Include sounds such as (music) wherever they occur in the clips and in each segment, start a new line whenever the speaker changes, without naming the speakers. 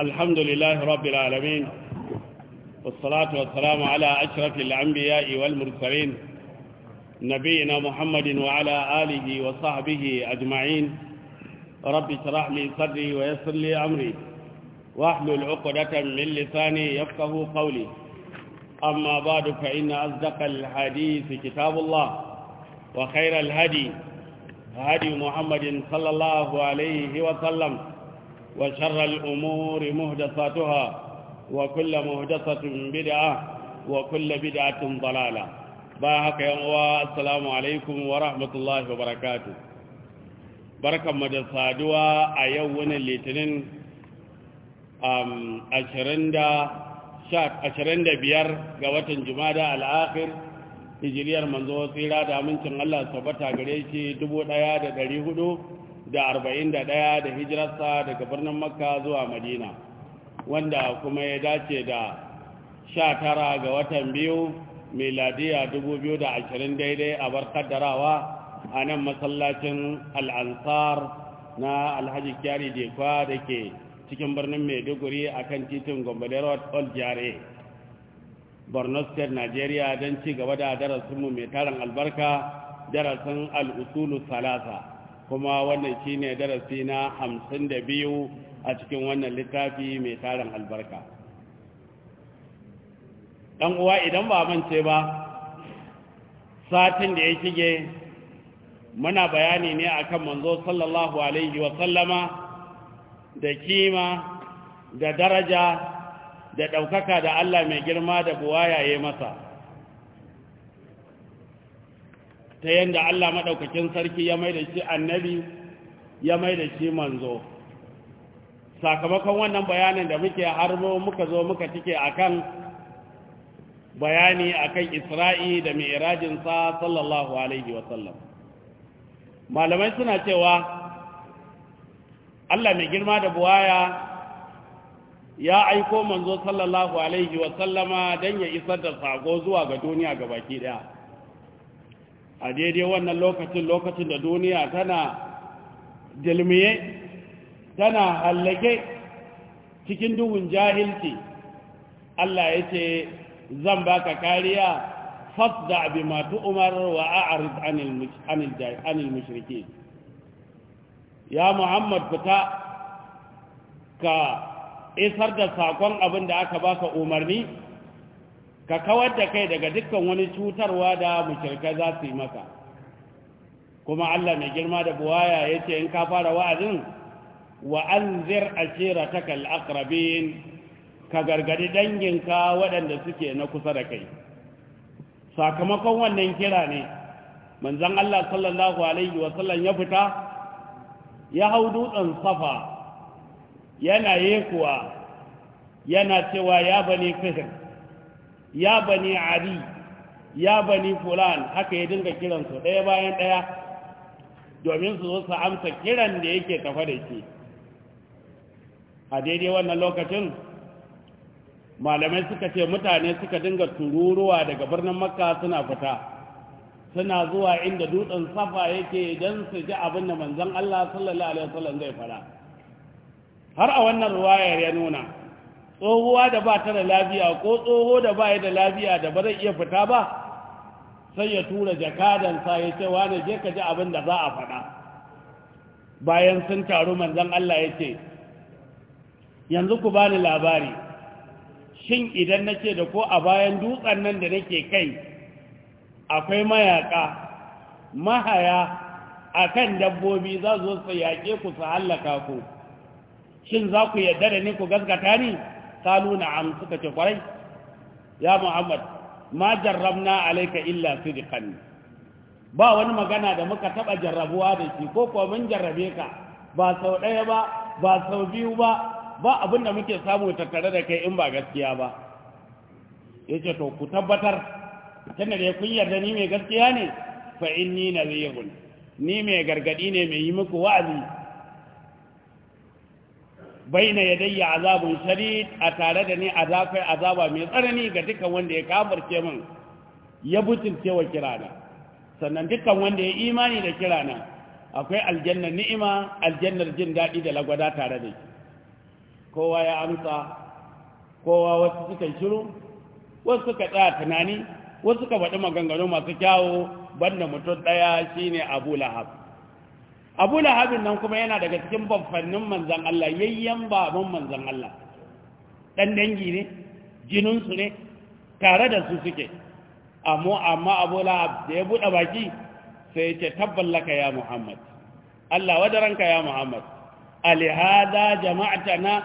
الحمد لله رب العالمين والصلاة والسلام على أشرف الأنبياء والمرسلين نبينا محمد وعلى آله وصحبه أجمعين رب اشرح لي صدري ويسر لي أمري واحلل عقدة من لساني يفقه قولي أما بعد فإن أصدق الحديث كتاب الله وخير الهدي هدي محمد صلى الله عليه وسلم وشر الأمور مهدثاتها وكل مهدثة بدعة وكل بدعة ضلالة باهك يا السلام عليكم ورحمة الله وبركاته بركة مدسادوا أيوان الليتنين أشرين دا شاك أشرين دا بيار قوات جمادة الآخر hijiriyar manzo tsira da amincin Allah tabbata gare shi 1400 da arba'in da ɗaya da hijirarsa daga birnin makka zuwa madina wanda kuma ya dace da sha tara ga watan biyu miladiya dubu biyu da ashirin daidai a bar a nan masallacin al'ansar na alhaji kyari dekwa da ke cikin birnin maiduguri a kan titin gombale road old jare borno state nigeria don ci gaba da darasinmu mai tarin albarka darasin al'usulu salasa kuma wannan shi ne darasi na hamsin da biyu a cikin wannan littafi mai tarin albarka ɗan uwa idan ba mance ba satin da ya shige muna bayani ne akan manzo sallallahu alaihi wa da kima da daraja da ɗaukaka da Allah mai girma da buwaya yaye masa ta yadda Allah maɗaukakin sarki ya mai da shi annabi ya mai da shi manzo sakamakon wannan bayanin da muke harbo muka zo muka cike akan bayani akan isra'i da mi'rajinsa sallallahu alaihi wasallam malamai suna cewa Allah mai girma da buwaya ya aiko manzo sallallahu alaihi wasallama don ya isar da sako zuwa ga duniya ga baki daya a daidai wannan lokacin lokacin da duniya tana dalmiye tana hallake cikin duhun jahilci Allah ya ce zan baka kariya fasda bi ma tu'mar wa a'rid anil anil anil ya Muhammad fita ka isar da sakon abin da aka baka umarni ka kawar da kai daga dukkan wani cutarwa da mushirka za su yi maka kuma Allah mai girma da buwaya ya ce in ka fara wa'azin wa a ashirataka ta kal’akrabin ka gargadi danginka waɗanda suke na kusa da kai sakamakon wannan kira ne manzon Allah sallallahu alaihi wa ya fita ya hau dutsen safa yana yekuwa yana cewa ya bani fihim ya bani ali ya bani fulan haka ya dinga kiransu ɗaya bayan ɗaya domin su zo su amsa kiran da yake tafa da ke a daidai wannan lokacin malamai suka ce mutane suka dinga tururuwa daga birnin makka suna fita suna zuwa inda dutsen safa yake don su ji abin da manzon Allah sallallahu alaihi wasallam zai fara har a wannan ruwayar ya nuna tsohuwa da ba ta da lafiya ko tsoho da ba da lafiya da ba zai iya fita ba sai ya tura jakadansa ya ce wane je ka ji abin da za a faɗa bayan sun taru manzan Allah ya ce yanzu ku bani labari shin idan nake da ko a bayan dutsen nan da nake kai akwai mayaka mahaya a kan dabbobi za su su yaƙe ku su hallaka ku shin za ku yarda da ni ku gaskata ni kalu na'am suka ce kwarai ya muhammad ma jarrabna alaika illa sidqan ba wani magana da muka taɓa jarrabuwa da shi ko kuwa mun jarrabe ka ba sau ɗaya ba ba sau biyu ba ba abin da muke samu tattare da kai in ba gaskiya ba yace to ku tabbatar tana da kun yarda ni mai gaskiya ne fa inni nadhirun ni mai gargadi ne mai yi muku wa'azi baina yadayya azabun shadid a tare da ni azafai azaba mai tsanani ga dukan wanda ya kafirce min ya butulce wa kirana sannan dukan wanda ya imani da kirana akwai aljannar ni'ima aljannar jin daɗi da lagwada tare da shi kowa ya amsa kowa wasu suka shiru wasu suka tsaya tunani wasu suka faɗi maganganu masu kyawu banda mutum ɗaya shine abu lahab abu lahabin nan kuma yana daga cikin babbannin manzan Allah yayyan baban manzan Allah dan dangi ne jininsu ne tare da su suke amma amma abu lahab da ya buɗe baki sai ya ce tabbalaka ya muhammad Allah ranka ya muhammad alihada tana.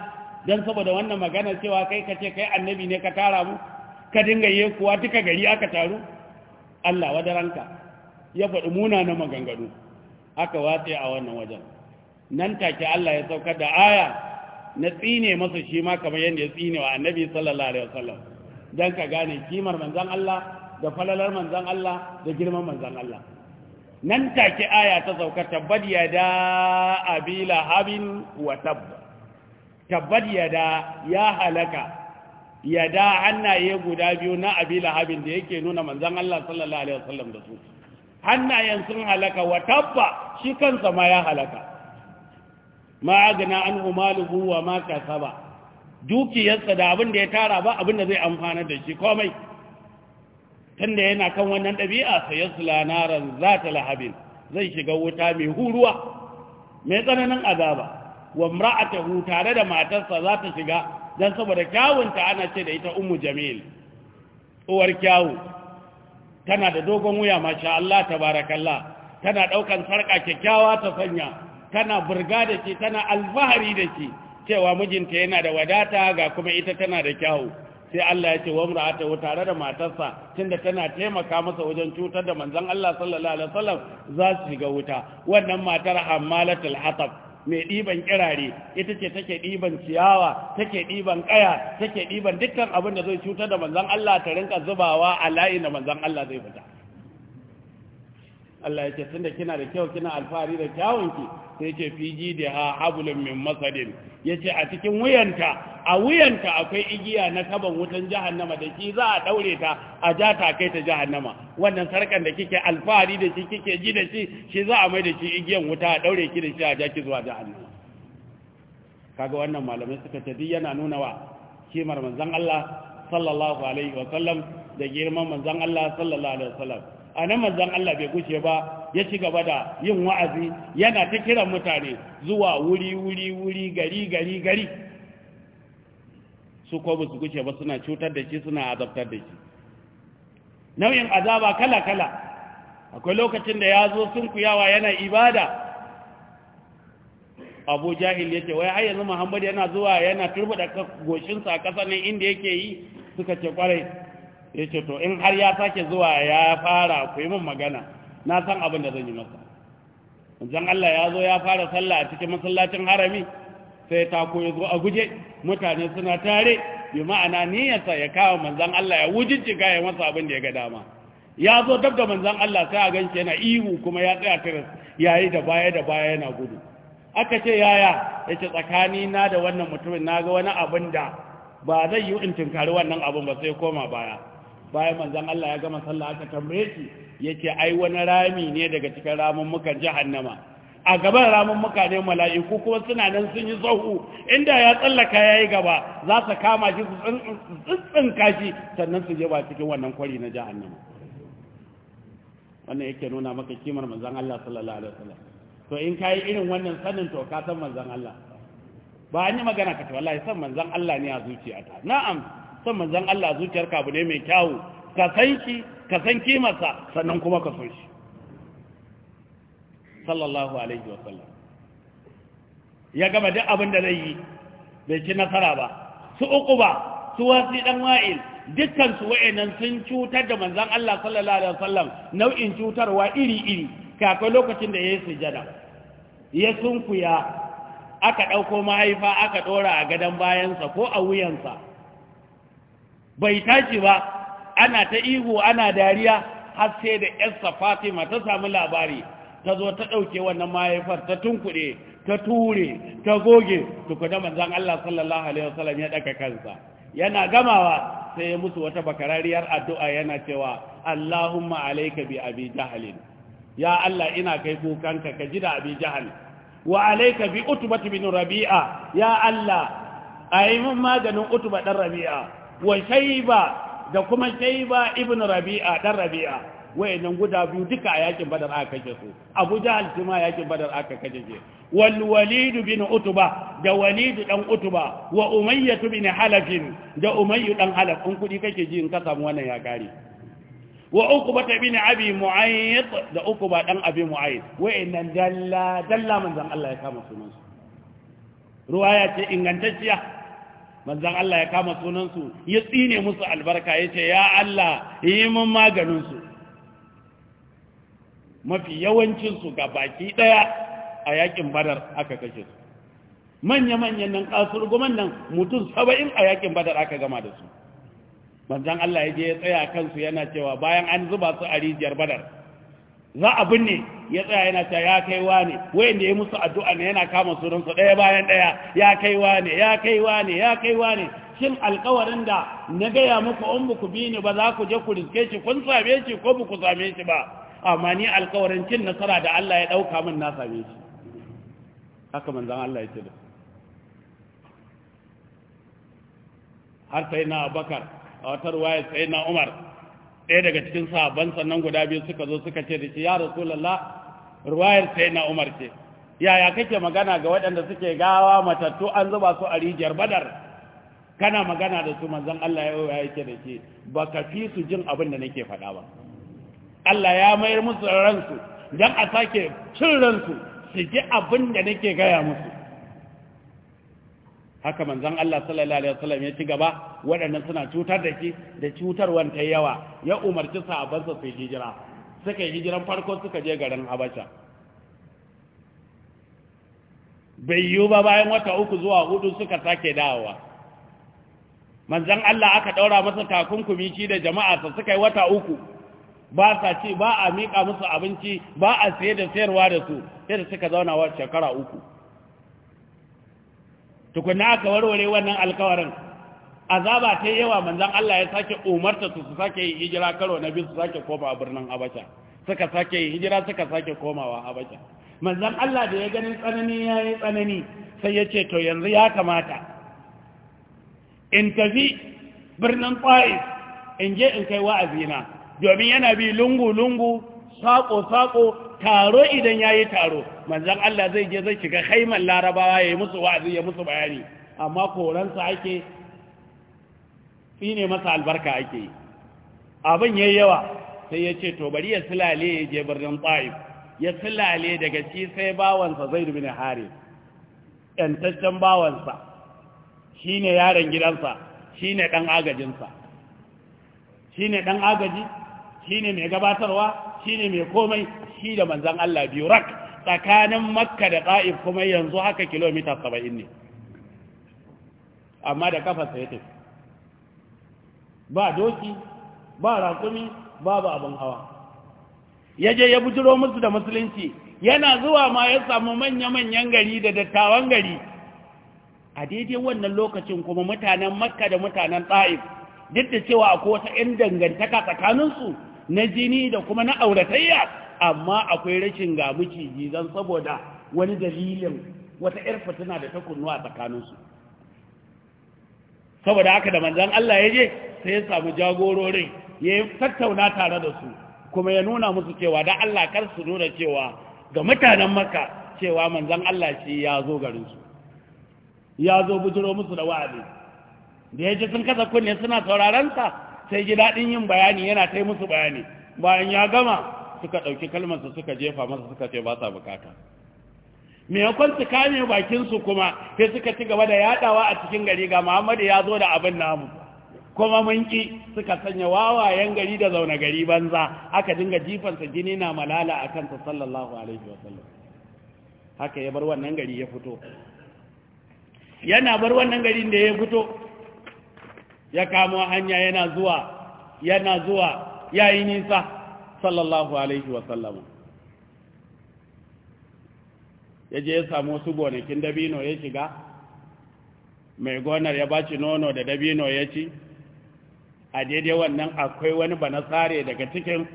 Don saboda wannan magana cewa kai ka ce kai annabi ne ka tara mu ka dinga yi kuwa duka gari aka taru Allah ranka ya faɗi na maganganu aka watse a wannan wajen nan take Allah ya saukar da aya na tsine masa shi ma kamar yadda ya tsine wa annabi sallallahu alaihi wasallam dan ka gane kimar manzon Allah da falalar manzon Allah da girman manzon Allah nan take aya ta sauka tabbad yada abila habin wa tab tabbad yada ya halaka yada hannaye guda biyu na abila habin da yake nuna manzon Allah sallallahu alaihi wasallam da su hannayen sun halaka wa tabba shi kansa ma ya halaka ma agna an umaluhu huwa ma kasaba dukiyarsa da abin da ya tara ba abin da zai amfana da shi komai tunda yana kan wannan ɗabi'a sai yasla naran ta lahabin zai shiga wuta mai huruwa mai tsananin azaba wa mra'atahu tare da matarsa za ta shiga dan saboda kyawunta ana ce da ita ummu jamil uwar kyawu tana da dogon wuya masha Allah tabarakalla tana daukan sarka kyakkyawa ta sanya tana burga da shi tana alfahari da shi cewa mijinta yana da wadata ga kuma ita tana da kyau. sai Allah ya ce wa wa tare da matarsa tunda tana taimaka masa wajen cutar da manzon Allah sallallahu alaihi wasallam za su shiga wuta wannan matar hammalatul hatab mai ɗiban kirare ita ce take ɗiban ciyawa take ɗiban ƙaya take ɗiban dukkan abin da zai cutar da manzon Allah ta rinka zubawa a layin da manzon Allah zai fita Allah ya ce tun da kina da kyau kina alfahari da kyawunki sai ce ji da ha hablum min masadin yace a cikin wuyanta a wuyanta akwai igiya na kaban wutan jahannama da ki za a daure ta a ja ta kai ta jahannama wannan sarkan da kike alfahari da shi kike ji da shi shi za a mai da shi igiyan wuta a daure ki da shi a ja ki zuwa jahannama kaga wannan malamai suka ce duk yana nuna wa kimar manzon Allah sallallahu alaihi wa sallam da girman manzon Allah sallallahu alaihi wa sallam a nan manzon Allah bai gushe ba ya ci gaba da yin wa'azi yana ta kiran mutane zuwa wuri wuri wuri gari gari gari su ko su gushe ba suna cutar da shi suna azabtar da shi nau'in azaba kala kala akwai lokacin da ya zo sun kuyawa yana ibada abu jahil ya ce wai har yanzu muhammad yana zuwa yana turbada goshinsa a ƙasa inda yake yi suka ce kwarai ya ce to in har ya sake zuwa ya fara ku yi min magana na san abin da zan yi masa zan Allah ya zo ya fara sallah a cikin masallacin harami sai ta koyi zo a guje mutane suna tare bi ma'ana niyyarsa ya kawo manzan Allah ya wujijjiga ya masa abin da ya ga dama ya zo dab da manzan Allah sai a ganshi yana ihu kuma ya tsaya tare yayi da baya da baya yana gudu aka ce yaya yace tsakani na da wannan mutumin naga wani abin da ba zai yi in tinkari wannan abin ba sai koma baya bayan manzan Allah ya gama sallah aka tambaye shi yake ai wani rami ne daga cikin muka jahannama a gaban muka ne mala'iku kuma suna nan sun yi tsohu. inda ya tsallaka yayi gaba za su kama shi su tsintsin kashi sannan su je ba cikin wannan kwari na jahannama wannan yake nuna maka kimar manzan Allah sallallahu alaihi wasallam to in kai irin wannan sanin to ka san manzan Allah ba an yi magana ka to wallahi san manzan Allah ne a zuciyata na'am son manzan Allah zuciyar kabu ne mai kyawu ka san shi ka san kimarsa sannan kuma ka son shi sallallahu alaihi wa sallam ya gama duk abin da zai yi bai ci nasara ba su uku ba su wasi dan wa'il dukkan su wa'annan sun cutar da manzan Allah sallallahu alaihi wa sallam nau'in cutarwa iri iri kafin lokacin da yayi sujada ya sunkuya aka dauko mahaifa aka dora a gadan bayansa ko a wuyansa bai tashi ba ana ta ihu ana dariya har sai da yarsa fatima ta samu labari ta zo ta ɗauke wannan mahaifar ta tunkuɗe ta ture ta goge tukuna manzan Allah sallallahu alaihi wasallam ya ɗaga kansa yana gamawa sai ya musu wata bakarariyar addu'a yana cewa Allahumma alaika bi abi jahalin ya Allah ina kai kukanka ka ji da abi jahal wa alaika bi utbah bin rabi'a ya Allah ayi maganin utba dan rabi'a wa shaiba da kuma shaiba ibn rabi'a dan rabi'a wayannan guda biyu duka a yakin badar aka kashe su abu jahal shi ma yakin badar aka kashe shi wal walid bin utba da walid dan utba wa umayyah bin halaf da umayyu dan halaf in kudi kake ji in ka samu wannan ya kare wa uqba bin abi mu'ayyid da uqba dan abi mu'ayyid wayannan dalla dalla manzon Allah ya kama sunan su ruwaya ce ingantacciya manzan Allah ya kama sunansu ya tsine musu albarka ya ce ya Allah yi min maganinsu mafi yawancinsu ga baki ɗaya a yakin badar aka kashe su manya-manyan nan kasurguman nan mutum saba'in a yakin badar aka gama da su manzan Allah ya je ya tsaya kansu yana cewa bayan an zuba su a rijiyar badar za a binne ya tsaya yana ta ya kaiwa ne ne ya musu addu'a ne yana kama sunansu ɗaya bayan ɗaya ya kaiwa ne ya kaiwa ne ya kaiwa ne shin alkawarin da na gaya muku in buku bi ni ba za ku je ku riske shi kun same shi ko buku same shi ba amma ni alkawarin cin nasara da Allah ya ɗauka min na same shi haka manzan Allah ya ce da har sai na abakar a watar waya sai na umar ɗaya daga cikin sahabban sannan guda biyu suka zo suka ce da shi ya rasulallah ruwayar sai na umar ce yaya kake magana ga waɗanda suke gawa matattu an zuba su a rijiyar badar kana magana da su manzon Allah ya yake da shi ba ka fi su jin abin da nake faɗa ba Allah ya mayar musu ransu dan a sake cin ransu su ji abin da nake gaya musu haka manzon Allah sallallahu alaihi wasallam ya ci gaba waɗannan suna cutar da shi da cutar wanta yawa ya umarci sahabbansa su hijira suka yi hijiran farko suka je garin Habasha bai yiwu ba bayan wata uku zuwa hudu suka sake dawowa manzon Allah aka daura masa takunkumi shi da jama'a sa suka yi wata uku ba sa ci ba a miƙa musu abinci ba a saye da sayarwa da su sai da suka zauna wa shekara uku tukunna aka warware wannan alkawarin azaba ta yawa manzon Allah ya sake umarta su sake yin hijira karo na biyu su sake koma a birnin Habasha suka sake yin hijira suka sake komawa Habasha manzon Allah da ya gani tsanani yayi tsanani sai ya ce to yanzu ya kamata in tafi birnin Qais in je in kai wa'azina domin yana bi lungu lungu sako sako taro idan ya yi taro manzan Allah zai je zai shiga haiman larabawa ya yi musu wa'azi ya musu bayani amma koransa ake tsine masa albarka ake yi abin ya yi yawa sai ya ce to bari ya silale ya je birnin ta'if ya silale daga ci sai bawansa zai dubi na hare ‘yantaccen bawansa shi ne yaren gidansa shi ne ɗan agajinsa shi ne ɗan agaji shi ne mai gabatarwa shi ne mai komai shi da manzan Allah biyu rak tsakanin makka da ta'if kuma yanzu haka kilomita saba'in ne amma da kafarsa ya tafi ba doki ba rakumi babu abin hawa ya je ya bujiro musu da musulunci yana zuwa ma ya samu manya-manyan gari da dattawan gari a daidai wannan lokacin kuma mutanen makka da mutanen ta'if duk da cewa akwai wata 'yan dangantaka tsakaninsu na jini da kuma na auratayya amma akwai rashin ga miciji saboda wani dalilin wata ‘yar fitina da ta kunnu a tsakaninsu saboda haka da manzan Allah ya je sai ya samu jagororin ya yi tattauna tare da su kuma ya nuna musu cewa da Allah kar su nuna cewa ga mutanen maka cewa manzan Allah shi ya zo garinsu ya zo bujiro musu da wa'azi da ya ji sun kasa kunne suna sauraron sai ji daɗin yin bayani yana ta musu bayani bayan ya gama suka ɗauki kalmarsa suka jefa masa suka ce ba sa bukata maimakon su kame bakinsu kuma sai suka ci gaba da yadawa a cikin gari ga muhammadu ya zo da abin namu kuma mun ki suka sanya wawayen gari da zaune gari banza aka dinga jifansa jini na malala a kansa sallallahu alaihi wasallam haka ya bar wannan gari ya fito yana bar wannan garin da ya fito ya kamo hanya yana zuwa yana zuwa yayi nisa sallallahu alaihi ya je ya samu wasu gonakin dabino ya shiga mai gonar ya baci nono da dabino ya ci a daidai wannan akwai wani ba nasare daga cikin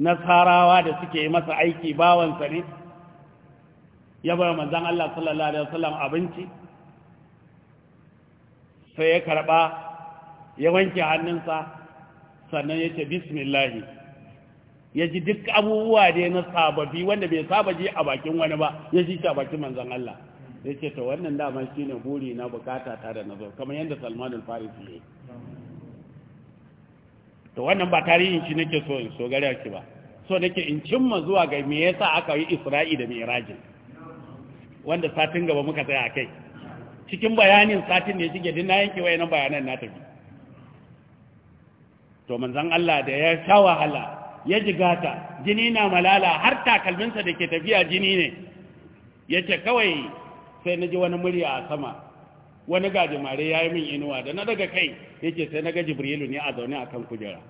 nasarawa da suke masa aiki bawansa ne ya bai manzan Allah sallallahu Alaihi wasallam abinci sai ya karba ya wanke hannunsa sannan ya ce bismillahi ya ji duk abubuwa da na sababi wanda bai saba ji a bakin wani ba ya ji a bakin manzon Allah ya ce ta wannan daman shi ne buri na bukata ta da nazo kamar yadda Salman al-Farisi ya yi to wannan ba tarihin shi nake so in so gare shi ba so nake in cimma zuwa ga me yasa aka yi Isra'i da Mi'raj wanda satin gaba muka tsaya kai. cikin bayanin satin ne shi din na yanke wayannan bayanan na tafi to manzon Allah da ya sha wahala ya jigata jini na malala har takalminsa da ke tafiya jini ne ya ce kawai sai na ji wani murya a sama wani gajimare ya yi min inuwa da na daga kai ya ce sai na ga jibrilu ne a zaune a kan kujera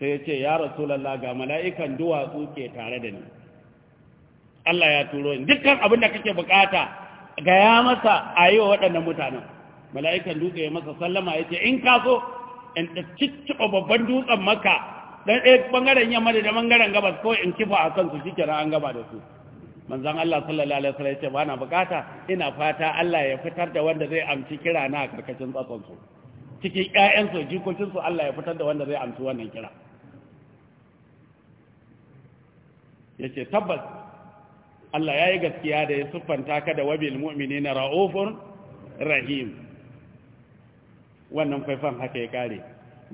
sai ya ce ya rasulallah ga mala'ikan duwatsu ke tare da ni Allah ya turo ni dukkan abin da kake bukata ga ya masa a yi wa waɗannan mutanen mala'ikan dutse ya masa sallama ya ce in ka so in da cicciɓa babban dutsen maka dan ɗaya bangaren yamma da bangaren gabas ko in kifa a kansu shi kira an gaba da su manzan Allah sallallahu alaihi wasallam ce ba na bukata ina fata Allah ya fitar da wanda zai amci kira na karkashin tsatson su cikin ƴaƴan jikokinsu, Allah ya fitar da wanda zai amci wannan kira yace tabbas Allah ya yi gaskiya da ya siffanta ka da wabil mu'minina raufur rahim wannan faifan haka ya kare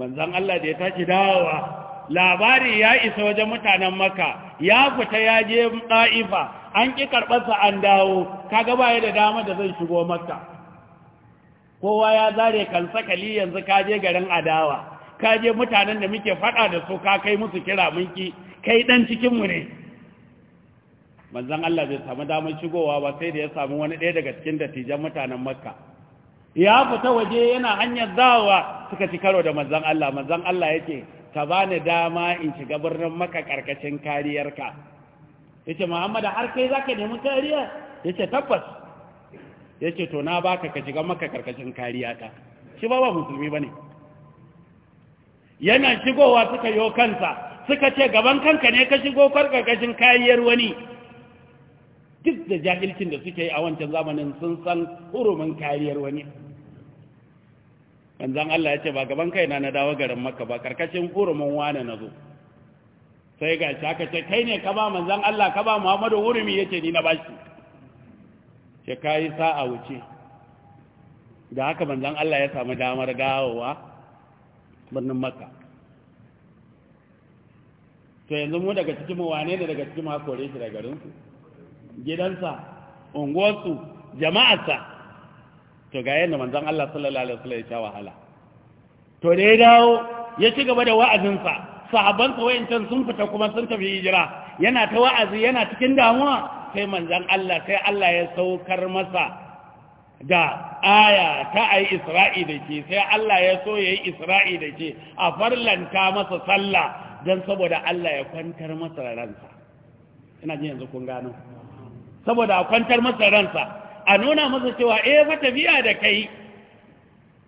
manzan Allah da ya tashi dawowa labari ya isa wajen mutanen maka ya fita ya je ɗa'ifa an ƙi karɓarsa an dawo kaga baya da dama da zai shigo maka kowa ya zare kan kali yanzu ka je garin adawa ka je mutanen da muke faɗa da su ka kai musu kira minki kai ɗan cikinmu ne manzan Allah zai samu damar shigowa ba sai da ya sami wani ɗaya daga cikin dattijan mutanen makka ya fita waje yana hanyar zawa suka ci karo da manzan Allah manzan Allah yake ce ka bani dama in shiga birnin maka karkashin kariyarka yace Muhammad har kai zaka nemi kariya yace tabbas yace to na baka ka shiga maka karkashin kariyata shi ba ba musulmi bane yana shigowa suka yo kansa suka ce gaban kanka ne ka shigo karkashin kariyar wani duk da jahilcin da suke yi a wancan zamanin sun san hurumin kariyar wani manzon Allah ya ce ba gaban kaina na dawo garin Makka ba karkashin hurumin na nazo sai ga shi aka ce kai ne ka ba manzan Allah ka ba Muhammadu hurumi ya ce ni na bashi ce kai sa'a wuce da haka manzan Allah ya samu damar gawowa birnin Makka to yanzu mu daga cikin wane ne daga cikin hakore shi da garinsu gidansa unguwarsu jama'arsa to ga yadda manzan Allah sallallahu alaihi wasallam ya sha wahala to da ya dawo ya ci gaba da wa'azinsa sahabansa wayancan sun fita kuma sun tafi hijira yana ta wa'azi yana cikin damuwa sai manzan Allah sai Allah ya saukar masa da aya ta a isra'i da ke sai Allah ya so ya yi isra'i da ke a farlanta masa sallah don saboda Allah ya kwantar masa ransa ina ji yanzu kun gano saboda a kwantar masa ransa a nuna masa cewa e fa tafiya da kai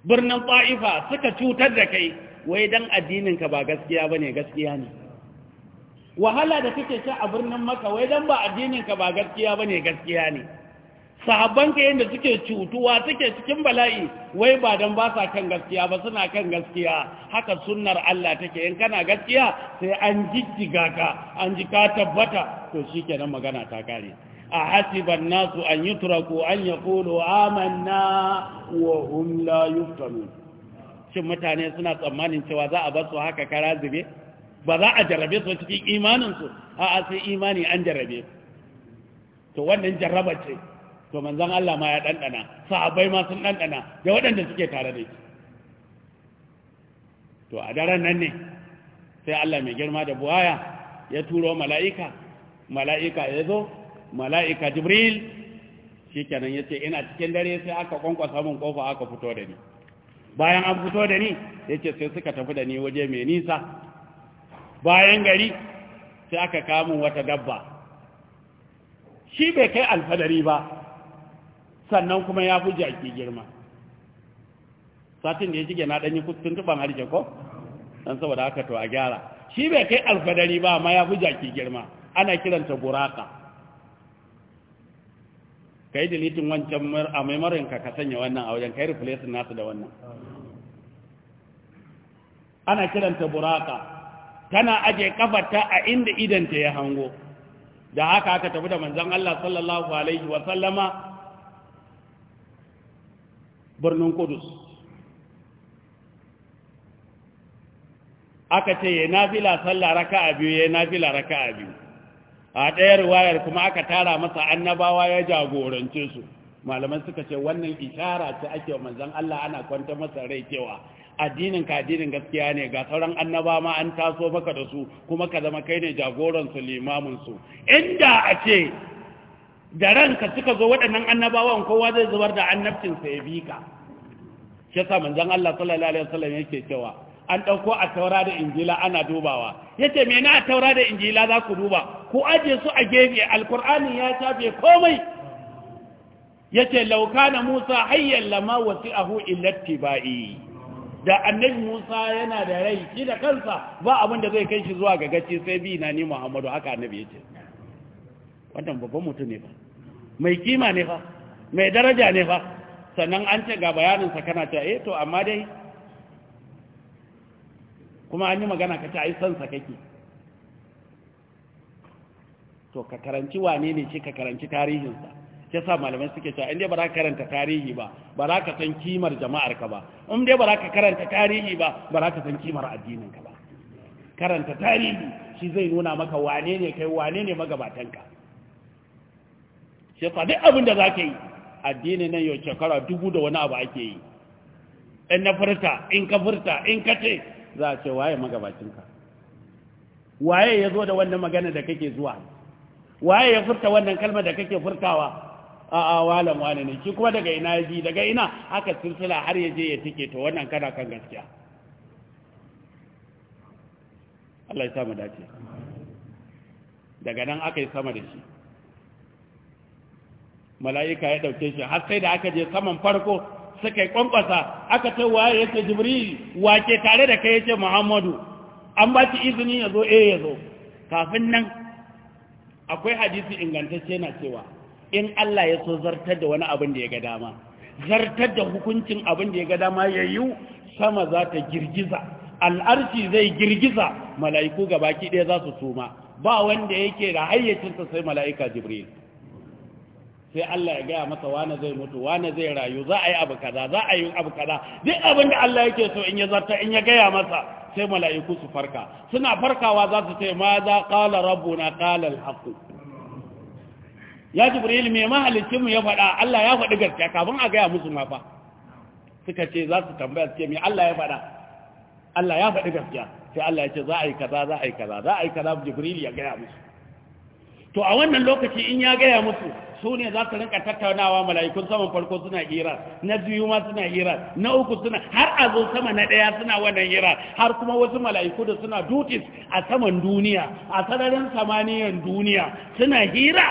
birnin ta'ifa suka cutar da kai wai dan addininka ba gaskiya bane gaskiya ne wahala da kake sha a birnin maka wai dan ba addininka ba gaskiya bane gaskiya ne sahabbanka yadda suke cutuwa suke cikin bala'i wai ba dan ba sa kan gaskiya ba suna kan gaskiya haka sunnar Allah take in kana gaskiya sai an jijjiga ka an ji ka tabbata to shikenan magana ta kare an yi أن an أن يقولوا Amanna wa لا يفتنون shin mutane suna tsammanin cewa za a su haka kara zube ba za a jarrabe su cikin imaninsu a a sai imani an jarrabe to wannan jarraba ce to manzan Allah ma ya ɗanɗana sahabbai ma sun ɗanɗana da waɗanda suke tare da shi to a daren nan ne sai Allah mai girma da buwaya ya turo mala'ika mala'ika ya zo mala'ika jibril shi kenan ya ce ina cikin dare sai aka kwankwasa min kofa aka fito da ni bayan an fito da ni ya ce sai suka tafi da ni waje mai nisa bayan gari sai aka kamun wata dabba shi bai kai alfadari ba sannan kuma ya fi jaki girma satin da ya jige na ɗanyi kuskun tuban harshe ko don saboda haka to a gyara shi bai kai alfadari ba amma ya fi jaki girma ana kiranta buraka kai dalitin wancan a maimarin ka ka sanya wannan a wajen kai replacing nasu da wannan ana kiranta buraka tana aje kafarta a inda idanta ya hango da haka aka tafi da manzan Allah sallallahu alaihi wa sallama birnin Kudus aka ce ya nafila sallah raka'a biyu ya nafila raka'a biyu a ɗaya wayar kuma aka tara masa annabawa ya jagorance su malaman suka ce wannan ishara ce ake manzan Allah ana kwanta masa rai cewa addinin ka addinin gaskiya ne ga sauran annaba ma an taso maka da su kuma ka zama kai ne jagoran su limamin su inda a ce da ranka suka zo waɗannan annabawan kowa zai zubar da annabcin sa ya bi ka shi yasa manzon Allah sallallahu alaihi wasallam yake cewa an ɗauko a taura da injila ana dubawa yace me a taura da injila za ku duba ku aje su a gefe alkur'ani ya shafe komai yace lauka na musa hayyan lama wasi'ahu illa ba'i. da annabi musa yana da rai shi da kansa ba abin da zai kai shi zuwa ga gaci sai bi na ni muhammadu haka annabi ce. wannan babban mutum ne ba. mai kima ne fa mai daraja ne fa sannan an ce ga bayaninsa kana ta eh to amma dai kuma an yi magana ka ce ai son sa kake to ka karanci wane ne shi ka karanci tarihinsa ke sa malamai suke cewa in dai ba za ka karanta tarihi ba ba za ka san kimar jama'ar ka ba in dai ba za ka karanta tarihi ba ba za ka san kimar addinin ka ba karanta tarihi shi zai nuna maka wane ne kai wane ne magabatan ka ke sa duk abin da za ka yi addinin nan yau shekara dubu da wani abu ake yi in na furta in ka furta in ka ce za a ce waye magabacinka waye ya zo da wannan magana da kake zuwa waye ya furta wannan kalma da kake furtawa a a walan wane ne shi kuma daga ina ji daga ina aka silsila har ya je ya tike to wannan kana kan gaskiya Allah ya samu dace daga nan aka yi sama da shi mala'ika ya dauke shi har sai da aka je saman farko suka kwankwasa aka ce waye ce jibril wake tare da kai ce muhammadu an ba shi izini ya zo eh ya zo kafin nan akwai hadisi ingantacce na cewa in Allah ya so zartar da wani abin da ya ga dama zartar da hukuncin abin da ya ga dama ya yi sama za ta girgiza al'arshi zai girgiza mala'iku baki ɗaya za su suma ba wanda yake da hayyacinsa sai mala'ika jibril sai Allah ya gaya masa wane zai mutu wane zai rayu za a yi abu kaza za a yi abu kaza duk abin da Allah yake so in ya zarta in ya gaya masa sai mala'iku su farka suna farkawa za su ce ma za qala rabbuna qala al-haqq ya jibril me mahalicin mu ya faɗa Allah ya faɗi gaskiya kafin a gaya musu ma fa suka ce za su tambaya su ce me Allah ya faɗa Allah ya faɗi gaskiya sai Allah ya ce za a yi kaza za a yi kaza za a yi kaza jibril ya gaya musu to a wannan lokaci in ya gaya musu su ne za su rinka tattaunawa mala'ikun saman farko suna hira na biyu ma suna hira na uku suna har a zo sama na ɗaya suna wannan hira har kuma wasu mala'iku da suna dutis a saman duniya a sararin samaniyan duniya suna hira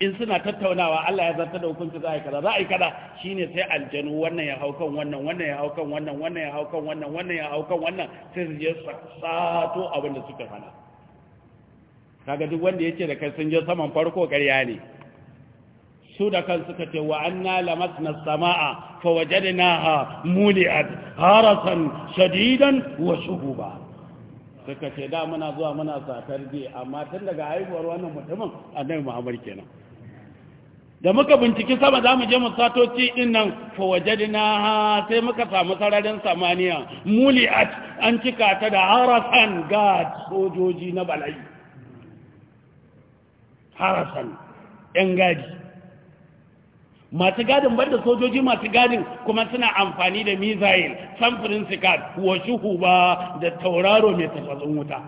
in suna tattaunawa Allah ya zarta da hukunci za a yi kada za a yi kada shine sai aljanu wannan ya hau kan wannan wannan ya hau kan wannan wannan ya hau kan wannan wannan ya hau kan wannan sai su je sato abin da suka hana kaga duk wanda yake da kai sun je saman farko ƙarya ne su da kan suka ce wa anna lamasna samaa fa wajadnaha muliat harasan shadidan wa shuhuba suka ce da muna zuwa muna satar bi amma tun daga haihuwar wannan mutumin annabi Muhammad kenan da muka binciki sama za mu je mu satoci din nan fawajadina sai muka samu sararin samaniya muli'at an cika ta da harasan ga sojoji na bala'i harasan yan gadi masu gadin banda sojoji masu gadin kuma suna amfani da mizail samfurin sikad wa shuhu ba da tauraro mai tafazin wuta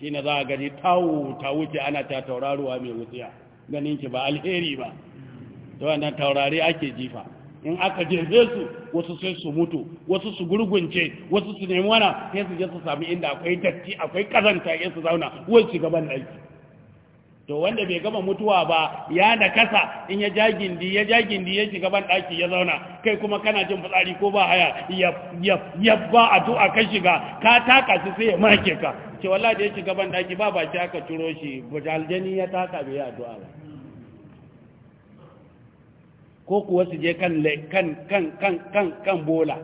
shi na za a gani tawo ta wuce ana ta tauraruwa mai wutsiya ganin ki ba alheri ba ta wannan taurari ake jifa in aka jefe su wasu sai su mutu wasu su gurgunce wasu su nemi wana sai su je su sami inda akwai datti akwai kazanta sai su zauna wai su gaban aiki to wanda bai gama mutuwa ba ya da kasa in ya jagindi ya jagindi ya shiga ban daki ya zauna kai kuma kana jin fitsari ko ba haya ya ba addu'a ka shiga ka taka su sai ya make ka ce wallahi da ya shiga ban daki ba shi aka turo shi bujaljani ya taka bai addu'a ba ko kuwa su je kan kan kan kan kan bola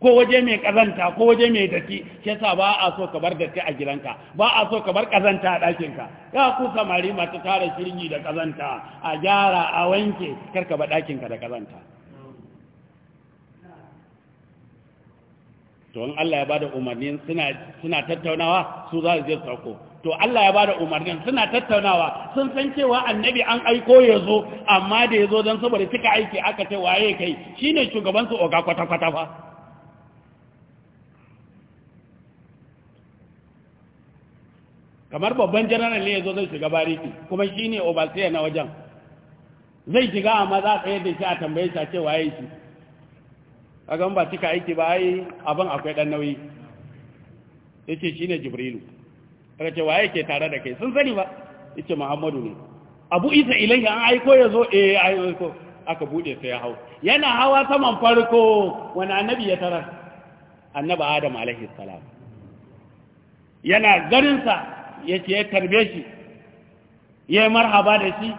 ko waje mai kazanta ko waje mai datti shi yasa ba a so ka bar datti a gidanka ba a so ka bar kazanta a ɗakinka ya ku samari masu tara shirgi da kazanta a gyara a wanke karka ba ɗakinka da kazanta to in Allah ya bada umarnin suna suna tattaunawa su za su je sauko to Allah ya bada umarnin suna tattaunawa sun san cewa annabi an aiko ya zo amma da ya zo don saboda suka aiki aka ce waye kai shine shugaban su oga kwata-kwata fa kamar babban janaral ne ya zo zai shiga bariki kuma shi ne obasiya na wajen zai shiga amma za a tsaye da shi a tambaye shi a ce waye shi a gan ba cika aiki ba yi abin akwai dan nauyi ya ce shi ne jibrilu daga ce waye ke tare da kai sun sani ba ya ce muhammadu ne abu isa ilai an aiko ya zo eh aiko aka buɗe sai ya hau yana hawa saman farko wani annabi ya tarar annabi adam alaihi salam yana sa yake ya tarbe shi ya marhaba da shi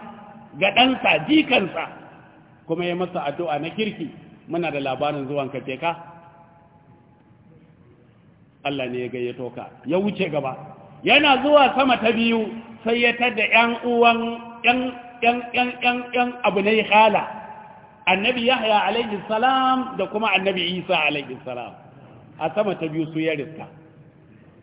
ga ɗansa jikansa kuma ya masa addu'a na kirki muna da labarin zuwan ka ka Allah ne ya gayyato ka ya wuce gaba yana zuwa sama ta biyu sai ya tada ‘yan uwan ‘yan abu na yi hala annabi yahya alaihi salam da kuma annabi isa alaihi salam a sama ta biyu su ya riska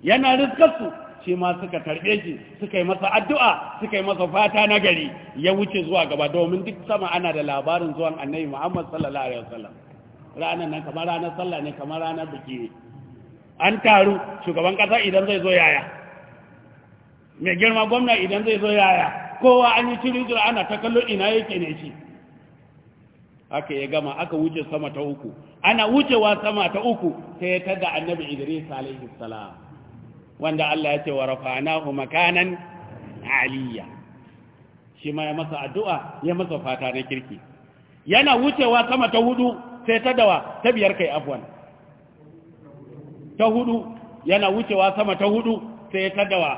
yana riskarsu shi ma suka tarbe shi suka yi masa addu'a suka yi masa fata na gari ya wuce zuwa gaba domin duk sama ana da labarin zuwan annabi Muhammad sallallahu alaihi wasallam ranar nan kamar ranar sallah ne kamar ranar biki ne an taru shugaban kasa idan zai zo yaya mai girma gwamna idan zai zo yaya kowa an yi zuwa ana ta kallo ina yake ne shi aka ya gama aka wuce sama ta uku ana wucewa sama ta uku sai ya tada annabi idris alaihi salam wanda Allah ya ce wa rafa'anahu makanan aliyya shi ma ya masa addu'a ya masa fata na kirki yana wucewa sama ta hudu sai ta dawa ta biyar kai afwan ta hudu yana wucewa sama ta hudu sai ta dawa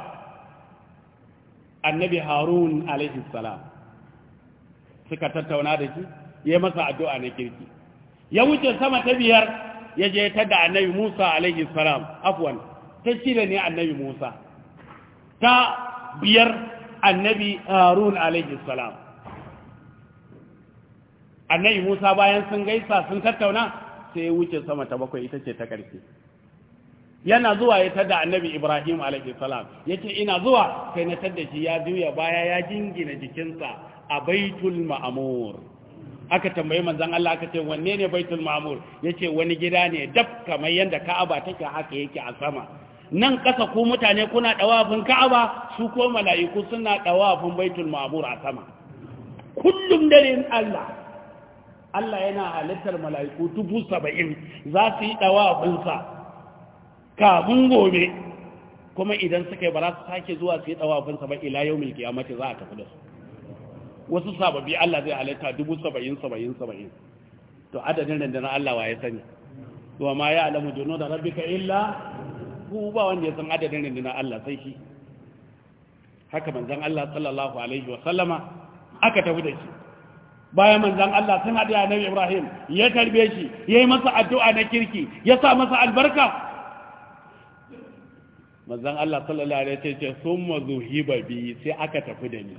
annabi harun alaihi salam suka tattauna da shi ya masa addu'a na kirki ya wuce sama ta biyar ya je ta da annabi musa alaihi salam afwan ta shida ne annabi Musa ta biyar annabi Harun alaihi salam annabi Musa bayan sun gaisa sun tattauna sai ya wuce sama ta bakwai ita ce ta ƙarshe yana zuwa ya tada annabi Ibrahim alaihi salam yace ina zuwa sai na tada shi ya juya baya ya jingina jikinsa a baitul ma'mur aka tambayi manzon Allah aka ce wanne ne baitul ma'mur yace wani gida ne dab kamar yanda Ka'aba take haka yake a sama nan ƙasa ku mutane kuna ɗawafin ka'aba su ko mala'iku suna ɗawafin baitul ma'amur a sama kullum dare Allah Allah yana halittar mala'iku dubu saba'in za su yi ɗawafinsa kamun gobe kuma idan suka yi ba za su sake zuwa su yi ɗawafinsa ba ila yau milki mace za a tafi da su wasu sababbi Allah zai halitta dubu saba'in saba'in saba'in to adadin na Allah wa ya sani wa ma ya alamu juno da rabbika illa Ku ba wanda ya san adadin rundunar Allah sai shi haka manzon Allah sallallahu alaihi wa sallama aka tafi da shi bayan manzon Allah sun haɗe nabi Ibrahim ya tarbe shi yayi masa addu'a na kirki ya sa masa albarka manzon Allah sallallahu alaihi wa sallam summa zuhiba bi sai aka tafi da ni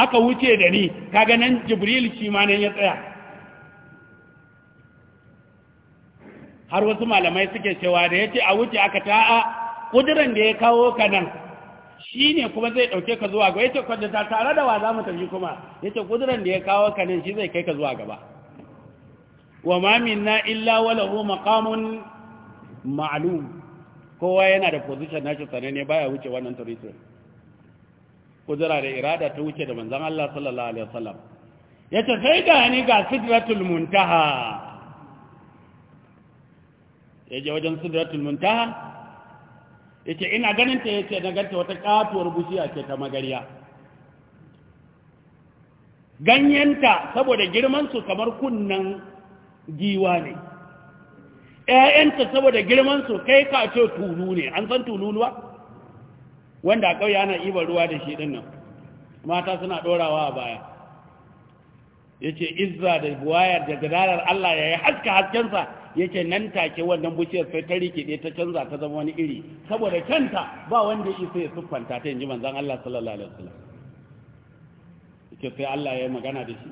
aka wuce da ni kaga nan Jibril shi ma ne ya tsaya har wasu malamai suke cewa da ya ce a wuce aka ta'a ƙudurin da ya kawo ka nan shi ne kuma zai ɗauke ka zuwa gaba ya ce kwanza tare da wa za mu tafi kuma ya ce ƙudurin da ya kawo ka nan shi zai kai ka zuwa gaba wa mamin na illa wala hu maqamun ma'lum kowa yana da position nashi sananne baya wuce wannan territory kudura da irada ta wuce da manzon Allah sallallahu alaihi wasallam yace sai ga ni ga sidratul muntaha ya je wajen sidratul muntaha ya ce ina ganin ta ya ce na ganta wata katuwar busiya ce ta magariya ganyenta saboda girmansu kamar kunnan giwa ne ‘ya'yanta saboda girmansu kai ka ce tulu ne an san tululuwa wanda a ƙauye ana ibar ruwa da shi ɗin mata suna ɗorawa a baya yace izza da buwayar da gadarar Allah ya yi haska haskensa yace nan take wannan buciyar sai ta rike ta canza ta zama wani iri saboda canta ba wanda ya isa ya siffanta ta yanzu manzan Allah sallallahu alaihi wasallam yace sai Allah ya yi magana da shi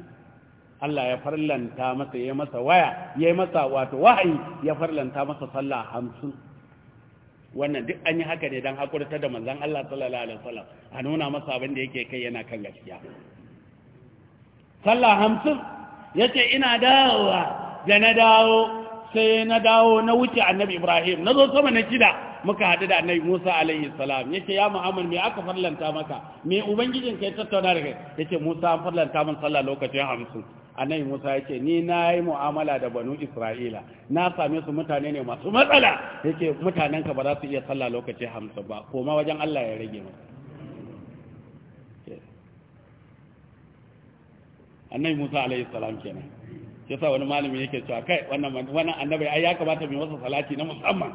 Allah ya farlanta masa ya masa waya ya yi masa wato wahayi ya farlanta masa sallah hamsin wannan duk an yi haka ne don haƙurta da manzan Allah sallallahu Alaihi wasallam a nuna masa abin da yake kai yana kan gaskiya sallah hamsin ya ce ina dawowa da na dawo sai na dawo na wuce annabi ibrahim na zo sama na shida muka haɗu da annabi musa alaihi salam ya ce ya mu'amal me aka farlanta maka me ubangijin ka ya tattauna da kai ya ce musa an farlanta min sallah lokacin hamsin annabi musa ya ce ni na yi mu'amala da banu isra'ila na same su mutane ne masu matsala ya ce mutanenka ba za su iya sallah lokacin hamsin ba koma wajen allah ya rage maka annabi Musa alaihi salam kenan shi sa wani malami yake cewa kai wannan wannan annabi ai ya kamata mai masa salati na musamman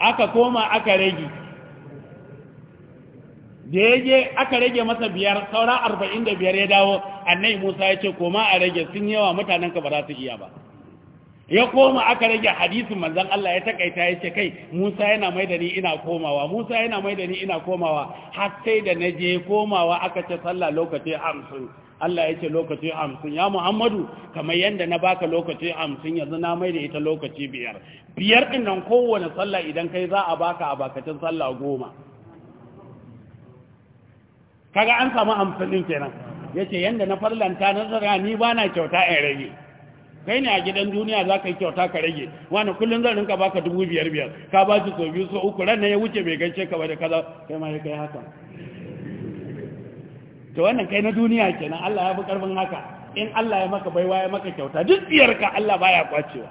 aka koma aka rage da ya aka rage masa biyar saura arba'in da biyar ya dawo annabi musa ya ce koma a rage sun yawa mutanen ka ba za su iya ba ya koma aka rage hadisin manzon Allah ya takaita ya ce kai Musa yana mai da ni ina komawa Musa yana mai da ni ina komawa har sai da naje komawa aka ce sallah lokaci 50 Allah ya ce lokaci 50 ya Muhammadu kamar yanda na baka lokaci 50 yanzu na mai da ita lokaci biyar biyar din nan kowane sallah idan kai za a baka a bakacin sallah goma kaga an samu amfanin kenan yace yanda na farlanta nazara ni bana kyauta in rage kai ne a gidan duniya za ka yi kyauta ka rage wani kullum zan rinka baka dubu biyar biyar ka ba su sau biyu so uku ran ya wuce mai gance ka ba da kaza kai ma ya kai haka to wannan kai na duniya kenan Allah ya fi karfin haka in Allah ya maka baiwa ya maka kyauta duk ka Allah baya kwacewa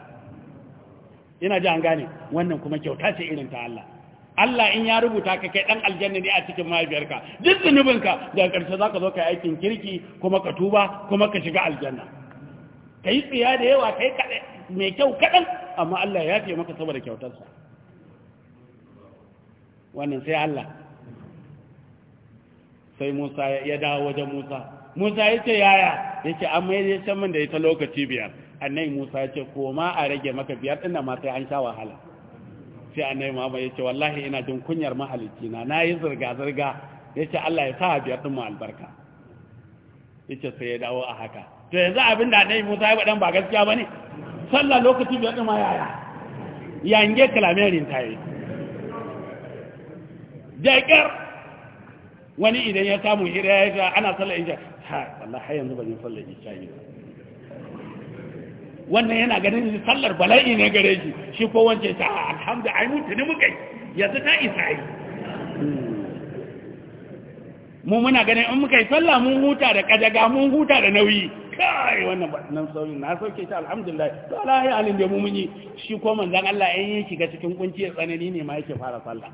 ina ji an gane wannan kuma kyauta ce irin ta Allah Allah in ya rubuta ka kai dan aljanna ne a cikin mahaifiyarka duk ka, daga ƙarshe ka zo kai aikin kirki kuma ka tuba kuma ka shiga aljanna ka yi tsiya da yawa ka yi mai kyau kaɗan amma Allah ya fiye maka saboda kyautarsa wannan sai Allah sai Musa ya dawo wajen Musa Musa ya ce yaya ya ce min da ita lokaci biyar annai Musa ya ce koma a rage maka biyar ɗin ma sai an sha wahala sai annai Mama ya ce wallahi ina jin kunyar mahalicina na yi zirga-zirga ya ce Allah ya sa biyar ɗin ma albarka ya ce sai ya dawo a haka to yanzu abin da annabi Musa ya faɗan ba gaskiya bane sallah lokaci da dima yaya yange kalamerin tayi jakar wani idan ya samu hira ya ga ana sallar isha ha wallahi yanzu ban yi sallar isha ne wannan yana ganin sallar bala'i ne gare shi shi ko wance ta ah, alhamdulillah ai mutune muka yanzu ta isa yi mu muna ganin in muka yi sallah mun huta da kajaga mun huta da nauyi kai wannan nan sauri na sauke ta alhamdulillah to alahi alin da mu muni shi ko manzon Allah yi shiga cikin kunci ya tsanani ne ma yake fara sallah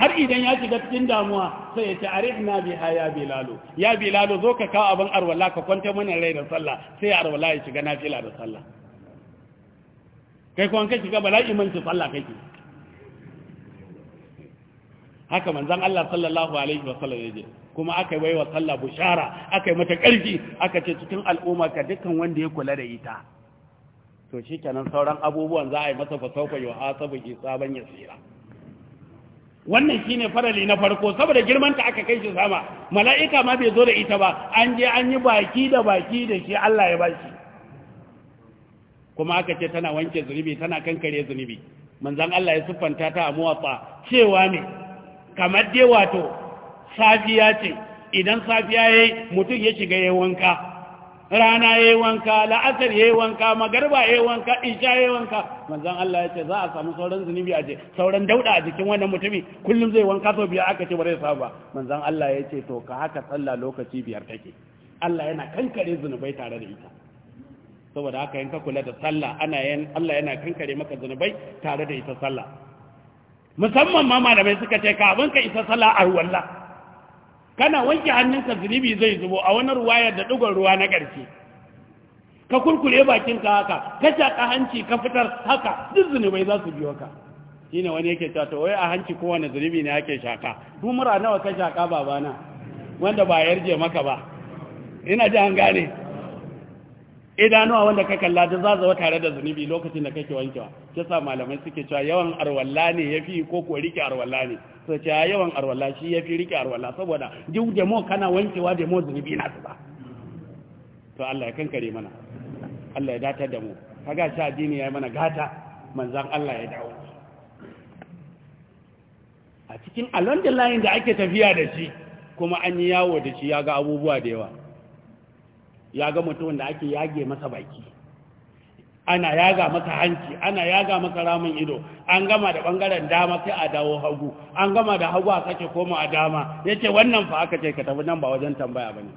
har idan ya shiga cikin damuwa sai ya ce arihna biha ya bilalu ya bilalu zo ka kawo abin arwala ka kwanta mana rai da sallah sai arwala ya shiga nafila da sallah kai kuwan kai shiga bala'i man sallah kake haka manzon Allah sallallahu alaihi sallam ya ce kuma aka yi wa sallah bushara aka yi mata ƙarfi aka ce cikin al'umma ka dukkan wanda ya kula da ita to shi kenan sauran abubuwan za a yi masa fasauka yau a sabu sabon ya tsira wannan shine farali na farko saboda girman ta aka kai shi sama mala'ika ma bai zo da ita ba an je an yi baki da baki da shi Allah ya bashi kuma aka ce tana wanke zunubi tana kankare zunubi manzon Allah ya siffanta ta a muwatsa cewa ne kamar dai wato safiya ce idan safiya yayi mutum ya shiga yayin wanka rana yi wanka la'asar yi wanka magarba yi wanka isha yi wanka manzon Allah ya ce za a samu sauran zunubi a je sauran dauda a jikin wannan mutumi kullum zai wanka sau biyar aka ce ba zai saba manzon Allah ya ce to ka haka sallah lokaci biyar take Allah yana kankare zunubai tare da ita saboda haka yanka kula da sallah ana yin Allah yana kankare maka zunubai tare da ita sallah musamman ma malamai suka ce ka abin ka isa sallah a ruwan Allah kana wanke hannunka zunubi zai zubo a wani ruwayar da ɗigon ruwa na ƙarshe ka kurkure bakinka haka ka shaƙa hanci ka fitar haka duk zunubai za su biyo ka ne wani yake cewa wai a hanci kowane zunubi ne ake shaƙa dumura nawa ka shaƙa babana wanda ba yarje maka ba ina ji an gane idanuwa wanda ka kalla a zazawa tare da zunubi lokacin da kake wankewa ta sa malamai suke cewa yawan arwalla ne ya fi ko kuwa rike arwalla ne so cewa yawan arwalla shi ya fi rike arwalla saboda duk da mo kana wankewa da mo zunubi na su ba to Allah ya kankare mana Allah ya datar da mu ga shi addini ya yi mana gata manzan Allah ya dawo a cikin layin da ake tafiya da shi kuma an yi yawo da shi ya ga abubuwa da yawa ya ga mutumin da ake yage masa baki ana yaga masa hanci ana yaga masa ramin ido an gama da bangaren dama sai a dawo hagu an gama da hagu a sake koma a dama yace wannan fa aka ce ka tafi nan ba wajen tambaya bane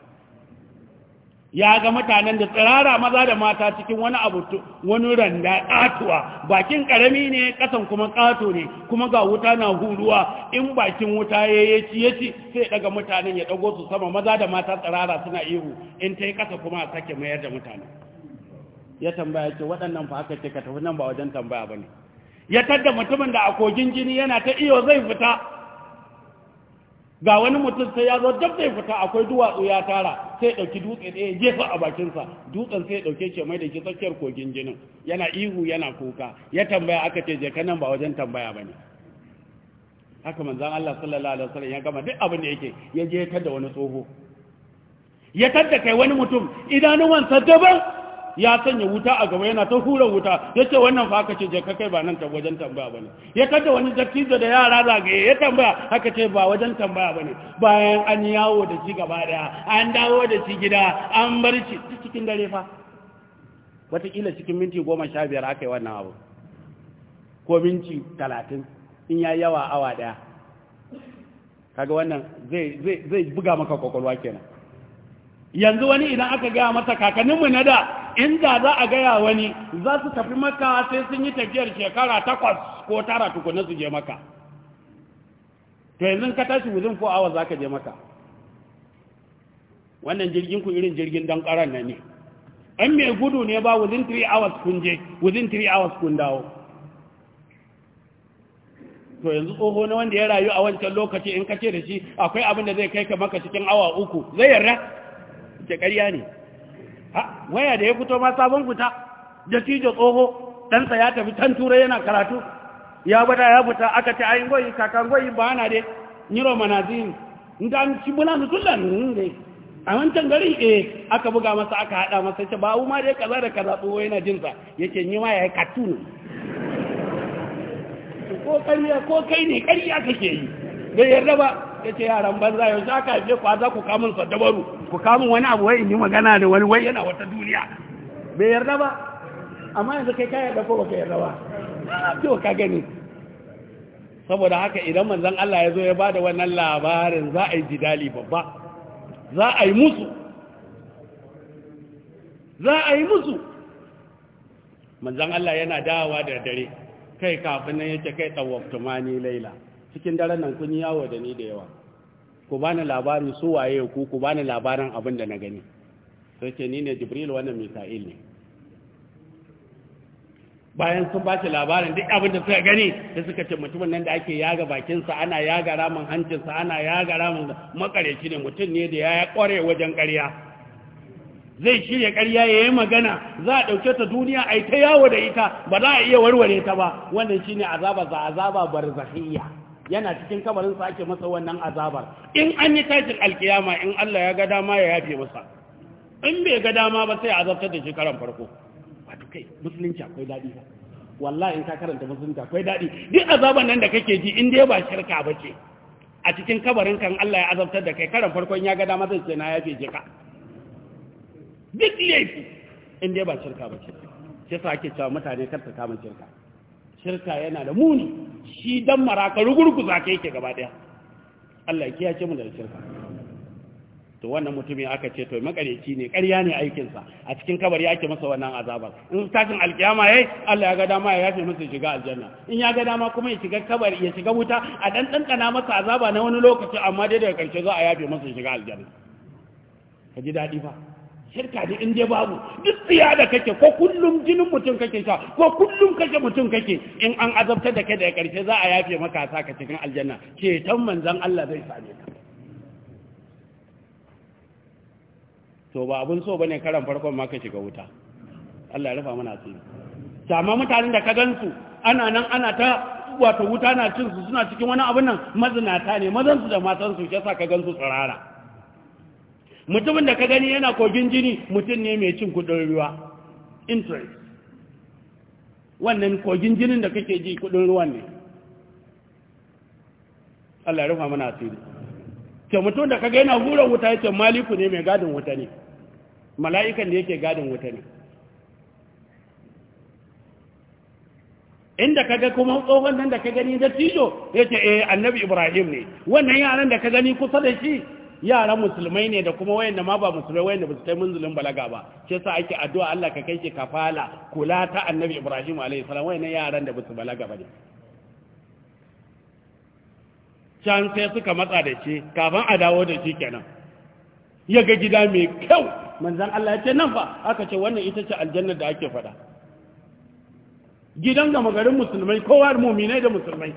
ya ga mutanen da tsirara maza da mata cikin wani abu wani randa ƙatuwa bakin karami ne ƙasan kuma ƙato ne kuma ga wuta na huruwa in bakin wuta ya ya ci sai daga mutanen ya dago su sama maza da mata tsirara suna ihu in ta yi ƙasa kuma a sake mayar da mutanen ya tambaya ce waɗannan fa aka ce ka tafi nan ba wajen tambaya ba ne ya tadda mutumin da a kogin jini yana ta iyo zai fita ga wani mutum sai ya zo da zai fita akwai duwatsu ya tara sai ɗauki dutse ɗaya jefa a bakinsa dutsen sai ɗauke ce mai da ke tsakiyar kogin jinin yana ihu yana kuka ya tambaya aka ce je kanan ba wajen tambaya ba ne haka manzan Allah sallallahu alaihi wasallam ya gama duk abin da yake ya je ya tadda wani tsoho ya tadda kai wani mutum idanuwansa daban ya sanya wuta a gaba yana ta hura wuta ya ce wannan fa aka ce je kai ba nan wajen tambaya ba ne ya kada wani dattijo da yara zagaye ya tambaya aka ce ba wajen tambaya ba ne bayan an yawo da shi gaba daya an dawo da shi gida an bar shi cikin dare fa wataƙila cikin minti goma sha biyar aka yi wannan abu ko minti talatin in ya yawa awa daya kaga wannan zai buga maka kwakwalwa kenan yanzu wani idan aka gaya masa kakanninmu na da inda za a gaya wani za su tafi maka sai sun yi tafiyar shekara takwas ko tara tukuna su je maka to yanzu ka tashi wuzin ko awa za ka je maka wannan jirgin ku irin jirgin don karan na ne an mai gudu ne ba within 3 hours kun je within 3 hours kun dawo to yanzu tsoho na wanda ya rayu a wancan lokaci in kace da shi akwai abin da zai kai ka maka cikin awa uku zai yarda ke ƙarya ne waya da ya fito ma sabon fita da tijo tsoho ɗansa ya tafi can turai yana karatu ya bada ya fita aka ce ayin goyi kakan goyi ba ana dai niro manazin inda an ci bula su tullan ne a wancan gari eh aka buga masa aka haɗa masa ce ba ma dai kaza da kaza tsoho yana jinsa yake ni ma ya yi ne (laughs) ko kai ne kai ne kariya kake yi bai yarda ba ya ce yaran banza yau za ka haife ku za ku kamun dabaru ku kamun wani abu wai in yi magana da wani wai yana wata duniya bai yarda ba amma yanzu kai ka yarda ko ka yarda ba to ka gani saboda haka idan manzon Allah ya zo ya bada wannan labarin za a yi jidali babba za a yi musu za a yi musu manzon Allah yana dawowa da dare kai kafin nan yake kai tumani laila cikin daren nan kun yi yawo da ni da yawa ku bani labarin su waye ku ku bani labarin abin da na gani sai ce ni ne jibril wannan mika'il ne bayan sun ba labarin duk abin da suka gani da suka ce mutumin nan da ake yaga bakinsa ana yaga ramin hancinsa ana yaga ramin makareci ne mutum ne da ya kware wajen ƙarya zai shirya ƙarya ya yi magana za a ɗauke ta duniya a yi ta yawo da ita ba za a iya warware ta ba wannan shine azaba za azaba barzahiyya yana cikin kabarin sa ake masa wannan azabar in an yi tashin alkiyama in Allah ya ga dama ya yafe masa in bai ga dama ba sai azabtar da shi karan farko wato kai musulunci akwai dadi ba wallahi in ka karanta musulunci akwai dadi duk azaban nan da kake ji in dai ba shirka ba ce a cikin kabarin kan Allah ya azabtar da kai karan farkon ya ga dama zai ce na yafe je ka
duk laifi
in dai ba shirka ba ce sai sa ake cewa mutane kar su kama shirka shirka yana da muni shi dan maraka rugurgu zaka yake gaba daya Allah ya ce mu da shirka to wannan mutumin aka ce to makareci ne ƙarya ne aikinsa a cikin kabari ake masa wannan azabar in tashin alkiyama yayi Allah ya ga dama ya yafe masa shiga aljanna in ya ga dama kuma ya shiga kabari ya shiga wuta a dan dandana masa azaba na wani lokaci amma dai daga karshe za a yafe masa shiga aljanna ka ji daɗi shirka ne in dai babu duk tsiya da kake ko kullum jinin mutum kake sha ko kullum kake mutum kake in an azabtar da kai da karshe za a yafe maka sa ka cikin aljanna ceton manzon Allah zai same ka to ba abun so bane karan farkon ma ka shiga wuta Allah ya rufa mana asiri amma mutanen da ka gansu ana nan ana ta wato wuta na cin su suna cikin wani abun nan mazinata ne mazan su da matan su shi yasa ka gansu tsirara mutumin da ka gani yana kogin jini mutum ne mai cin kudin ruwa interest wannan kogin jinin da kake ji kudin ruwan ne Allah ya rufa mana asiri ke mutum da kaga yana hura wuta ya ce maliku ne mai gadin wuta ne mala'ikan da yake gadin wuta ne inda kaga kuma tsohon nan da ka gani da tijo ya ce eh annabi ibrahim ne wannan yaran da ka gani kusa da shi yaran musulmai ne da kuma wayanda ma ba musulmai wayanda ba su kai munzulin balaga ba shi sa ake addu'a Allah ka kai ke kafala kula ta annabi Ibrahim alaihi salam wayannan yaran da ba su balaga ba ne can sai suka matsa da shi kafin a dawo da shi kenan ya ga gida mai kyau manzan Allah ya ce nan fa aka ce wannan ita ce aljannar da ake faɗa gidan gama garin musulmai kowa muminai da musulmai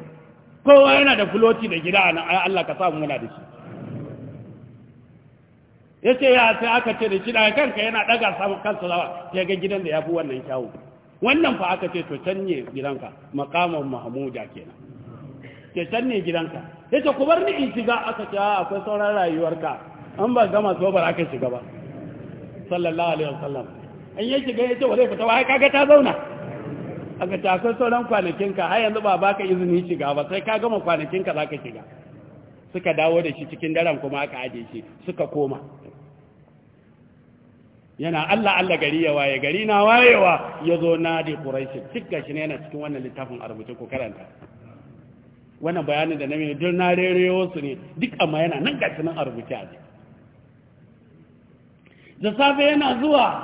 kowa yana da fuloti da gida a nan Allah ka sa mu muna da shi ya ce ya sai aka ce da shi daga kanka yana daga samun kansa zawa ya ga gidan da ya fi wannan kyawu wannan fa aka ce to can ne gidanka makaman mahmuda kenan ke can ne gidanka ya ce ku bar ni in shiga aka ce ah, akwai sauran rayuwarka an ba gama so ba aka shiga ba sallallahu alaihi wasallam an yi shiga ya ce wa zai fita ba kaga ta zauna aka ce akwai sauran kwanakinka har yanzu ba baka izini shiga ba sai ka gama kwanakinka za ka shiga suka dawo da shi cikin daren kuma aka aje shi suka koma yana Allah Allah gari ya waye gari na wayewa ya zo na da ƙuraishi cikka shi ne yana cikin wannan littafin arbuce ko karanta wannan bayanin da na dun na rereyo su ne duk amma yana nan gashi nan a rubuce a da safe yana zuwa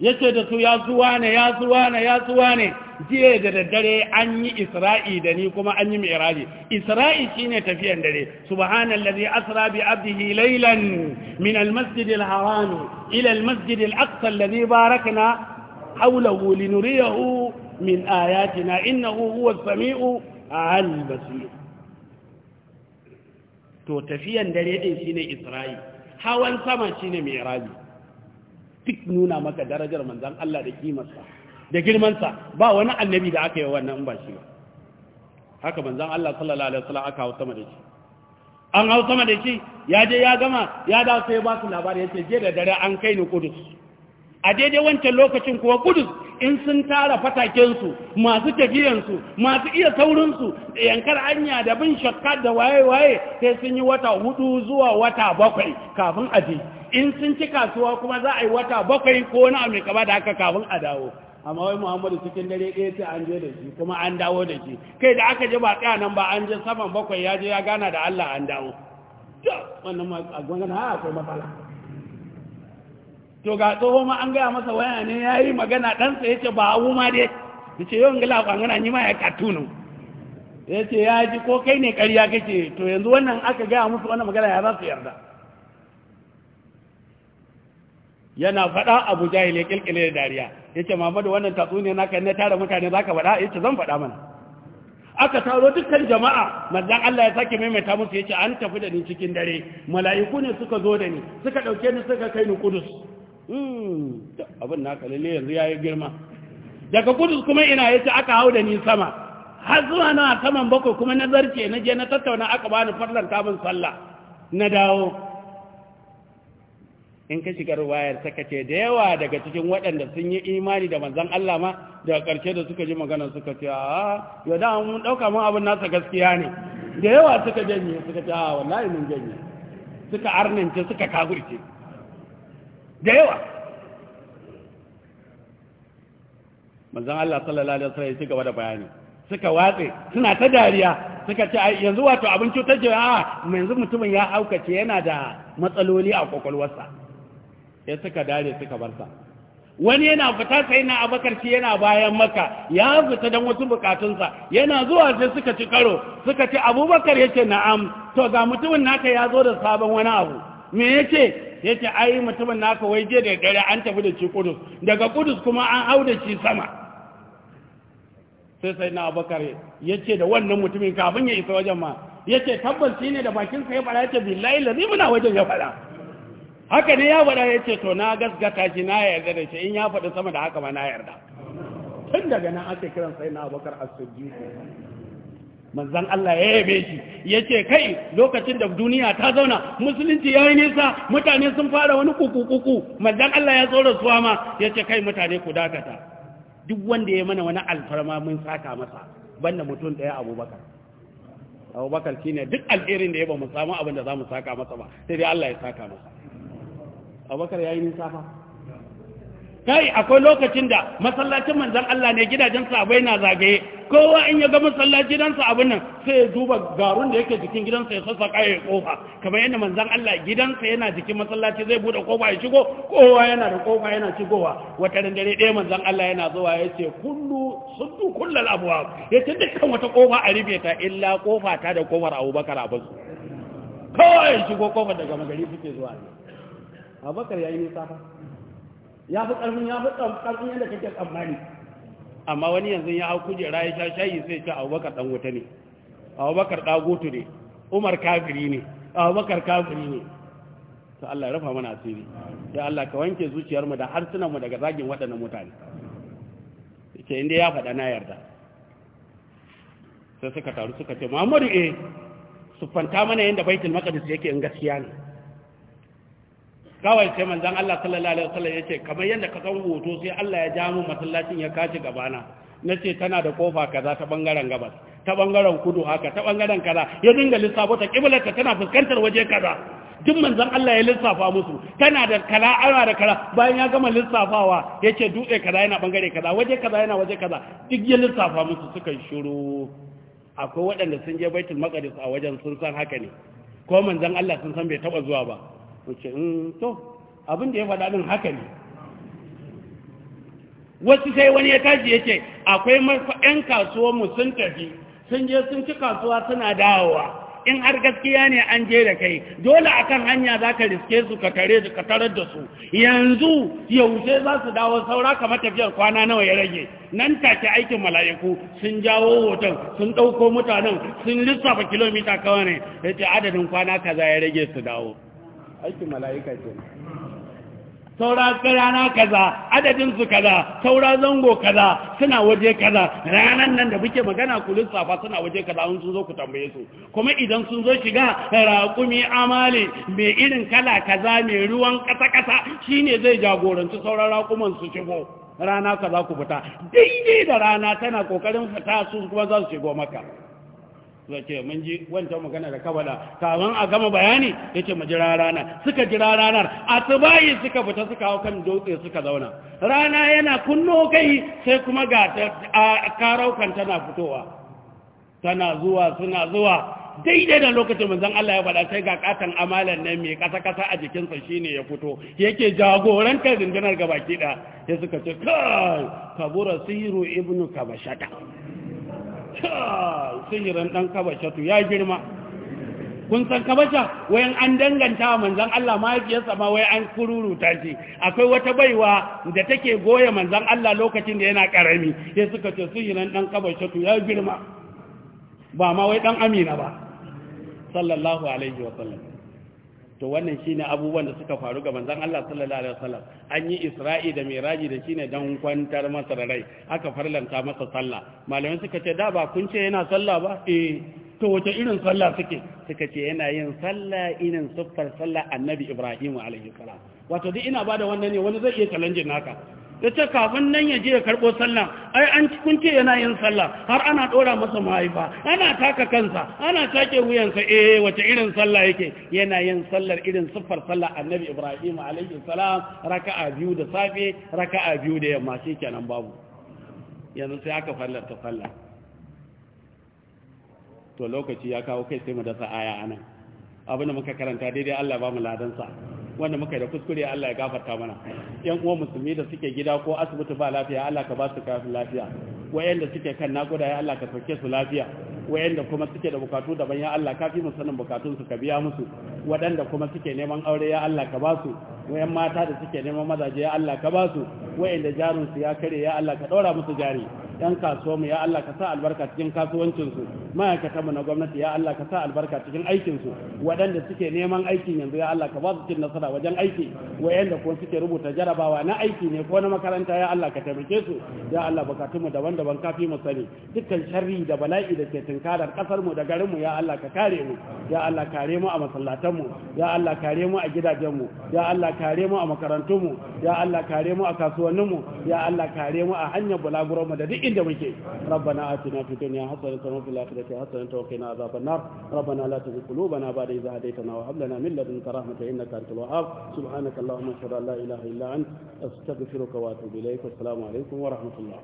yace da su ya zuwa ne ya zuwa ne ya zuwa ne jiya da daddare an yi isra'i da ni kuma an yi mi'raji isra'i ne tafiyan dare subhanallazi asra bi abdihi laylan min almasjid alharam ila almasjid alaqsa alladhi barakna hawlahu linuriyahu min ayatina innahu huwa samiu al-basir to tafiyan dare shi ne isra'i hawan sama shine mi'raji duk nuna maka darajar manzon Allah da kimarsa da girmansa ba wani annabi da aka yi wannan ba shi ba haka manzon Allah sallallahu alaihi wasallam aka hausa da shi an hausa da shi ya je ya gama ya dawo sai ba su labari yace je da dare an kai ni Kudus a daidai wancan lokacin kuwa Kudus in sun tara su masu su masu iya su da yankar anya da bin shakka da waye-waye sai sun yi wata hudu zuwa wata bakwai kafin aje in sun ci kasuwa kuma za a yi wata bakwai ko wani abu mai kaba da haka kafin a dawo amma wai muhammadu cikin dare ɗaya sai an je da shi kuma an dawo da shi kai da aka je ba tsaya nan ba an je saman bakwai ya je ya gana da allah an dawo wannan ma a gwangan ha akwai matsala to ga tsoho ma an gaya masa waya ne ya yi magana ɗansa ya ce ba abu ma dai ya ce yau ngila kwangana yi ma ya katunu ya ce ya ji ko kai ne ƙarya kake to yanzu wannan aka gaya musu wannan magana ya za su yarda yana faɗa abu jahil ya kilkile da dariya ya ce mamadu wannan tatsu ne naka na tara mutane za ka faɗa ya ce zan faɗa mana aka taro dukkan jama'a manzan Allah ya sake maimaita musu ya ce an tafi da ni cikin dare mala'iku ne suka zo da ni suka ɗauke ni suka kai ni kudus hmm, abin na kalile yanzu ya yi girma daga kudus kuma ina ya ce aka hau da ni sama har zuwa na saman bakwai kuma na zarce na je na tattauna aka bani farlan tabin sallah na dawo in ka shiga ruwayar saka ce da yawa daga cikin waɗanda sun yi imani da manzan Allah ma daga ƙarshe da suka ji magana suka ce a ya da mun ɗauka mun abin nasa gaskiya ne da yawa suka janye suka ce a wallahi mun janye suka arnince suka kagurce da yawa manzan Allah sallallahu alaihi wasallam ya ci gaba da bayani suka watse suna ta dariya suka ce yanzu wato abin cutar a yanzu mutumin ya haukace yana da matsaloli a kwakwalwarsa ya suka dare suka barsa wani yana fita sai na abakar shi yana bayan maka ya fita don wasu bukatunsa yana zuwa sai suka ci karo suka ci abubakar yake na'am to ga mutumin naka ya zo da sabon wani abu me yace yake ai mutumin naka wai je da dare an tafi da shi kudus daga kudus kuma an hau da shi sama sai sai na abakar yake da wannan mutumin kafin ya isa wajen ma yake tabbas shine da bakin sa ya fara yake billahi lazi wajen ya fara haka ne ya faɗa ya ce to na gasgata shi na yarda da shi in ya faɗi sama da haka ma na yarda tun daga nan ake kiran sai na abokar asirji manzan Allah ya yabe shi ya ce kai lokacin da duniya ta zauna musulunci ya yi nisa mutane sun fara wani kukukuku manzan Allah ya tsoro suwa ma ya ce kai mutane ku dakata duk wanda ya mana wani alfarma mun saka masa banda mutum ɗaya abubakar abubakar shine duk alherin da ya ba mu samu abin da za mu saka masa ba sai dai Allah ya saka masa abubakar ya yi nisa fa kai akwai lokacin da masallacin manzan Allah ne gidajen sahabai na zagaye kowa in ya ga masallaci dan abin nan sai ya duba garun da yake jikin gidansa ya sassa ya kofa kamar yadda manzan Allah gidansa yana jikin masallaci zai bude kofa ya shigo kowa yana da kofa yana shigowa wata ran dare ɗaya manzan Allah yana zuwa ya ce kullu suddu kullal abwab ya ce dukkan wata kofa a rufe ta illa kofa ta da kofar Abubakar kowa ya shigo kofar daga magari suke zuwa abubakar ya yi nisa fa ya fi karfin ya fi karfin yadda kake tsammani amma wani yanzu ya hau kujera ya sha shayi sai ce abubakar dan wuta ne abubakar ɗagotu ne umar kafiri ne abubakar kafiri ne to Allah ya rafa mana asiri sai Allah ka wanke zuciyarmu da harsunanmu daga zagin waɗannan mutane ce inda ya faɗa na yarda sai suka taru suka ce Muhammadu eh su fanta mana yadda baitul maqdis yake in gaskiya ne kawai sai manzan Allah sallallahu alaihi wasallam ce kamar yadda ka san hoto sai Allah ya jamu masallacin ya kashi gabana Na ce tana da kofa kaza ta bangaren gabas ta bangaren kudu haka ta bangaren kaza ya dinga lissafo ta kiblarta tana fuskantar waje kaza duk manzan Allah ya lissafa musu tana da kala ana da kala bayan ya gama lissafawa ya ce dutse kaza yana bangare kaza waje kaza yana waje kaza duk ya lissafa musu suka shiru akwai waɗanda sun je baitul maqdis a wajen sun san haka ne ko manzan Allah sun san bai taba zuwa ba wace in mm, to abin da ya faɗa ɗin haka ne wasu sai wani ya tashi ya ce akwai yan mu sun tafi sun je sun ci kasuwa suna dawowa in har gaskiya ne an je da kai dole akan hanya za ka riske su ka tare su tarar da su yanzu yaushe za su dawo saura kamar tafiyar kwana nawa ya rage nan take aikin mala'iku sun jawo hoton sun ɗauko mutanen sun lissafa kilomita kawai ne ya ce adadin kwana kaza ya rage su dawo aikin mala'ika ce saura rana kaza adadin su kaza saura zango kaza suna waje kaza ranan nan da muke magana ku lissafa suna waje kaza an sun zo ku tambaye su kuma idan sun zo shiga raƙumi amali mai irin kala kaza mai ruwan kasa kasa shine zai jagoranci sauran raƙuman su shigo rana kaza ku fita daidai da rana tana kokarin fita su kuma za su shigo maka suka ce mun ji wancan magana da kabala kafin a gama bayani ya ce mu jira rana suka jira ranar asubahi suka fita suka hau kan dutse suka zauna rana yana kunno kai sai kuma ga karaukan tana fitowa tana zuwa suna zuwa daidai da lokacin manzon Allah ya faɗa sai ga katan amalan nan mai kasa kasa a jikinsa shine ya fito yake jagorantar ga gabaki da ya suka ce kai kabura sihiru ibnu kabashata sihirin ɗan kabasha tu ya girma kun san kabasha wayan an danganta manzan Allah mahaifiyarsa ma wai an kururuta akwai wata baiwa da take goya manzan Allah lokacin da yana karami sai suka ce sihirin ɗan kabasha tu ya girma ba ma wai ɗan amina ba sallallahu alaihi wa sallam to wannan shine abubuwan da suka faru ga manzon Allah sallallahu alaihi wasallam an yi Isra'i da Miraji da shine dan kwantar masa rai aka farlanta masa sallah malamai suka ce da ba kun ce yana sallah ba eh to wace irin sallah suke suka ce yana yin sallah irin siffar sallah Annabi Ibrahim alaihi salam wato duk ina bada wannan ne wani zai iya challenge naka ya ce kafin nan ya je ya karɓo sallah ai an kun ce yana yin sallah har ana ɗora masa mahaifa ana taka kansa ana take wuyansa e wace irin sallah yake yana yin sallar irin siffar sallah annabi ibrahim alaihi salam raka'a biyu da safe raka'a biyu da yamma shi kenan babu yanzu sai aka ta sallah to lokaci ya kawo kai sai mu dasa aya anan abin da muka karanta daidai Allah ba mu ladansa wanda muka yi da kuskure Allah ya gafarta mana yan uwa musulmi da suke gida ko asibiti ba lafiya Allah ka ba su kafin lafiya wayanda suke kan nakuda ya Allah ka sauke su lafiya wayanda kuma suke da bukatu daban ya Allah ka fi mu sanin bukatun su ka biya musu wadanda kuma suke neman aure ya Allah ka ba su wayan mata da suke neman mazaje ya Allah ka ba su wayanda jarin su ya kare ya Allah ka daura musu jari yan kasuwa mu ya Allah ka sa albarka cikin kasuwancinsu. Ma'aikatanmu na gwamnati ya Allah ka sa albarka cikin aikin su waɗanda suke neman aiki yanzu ya Allah ka ba su cin nasara wajen aiki waɗanda ko suke rubuta jarabawa na aiki ne ko na makaranta ya Allah ka taimake su ya Allah bukatun mu daban-daban kafi mu sani dukkan sharri da bala'i da ke tinkarar kasar da garin mu ya Allah ka kare mu ya Allah kare mu a masallatan ya Allah kare mu a gidajenmu. ya Allah kare mu a makarantun mu ya Allah kare mu a kasuwannin mu ya Allah kare mu a hanyar bulaguron mu da duk inda muke rabbana atina fid dunya hasanatan wa fil akhirati hasanatan wa qina adhaban nar rabbana la tuzigh qulubana ba'da idh hadaytana wa hab lana min ladunka rahmatan innaka antal wahhab subhanaka allahumma ashhadu la ilaha illa anta astaghfiruka wa atubu ilayk assalamu alaykum wa rahmatullah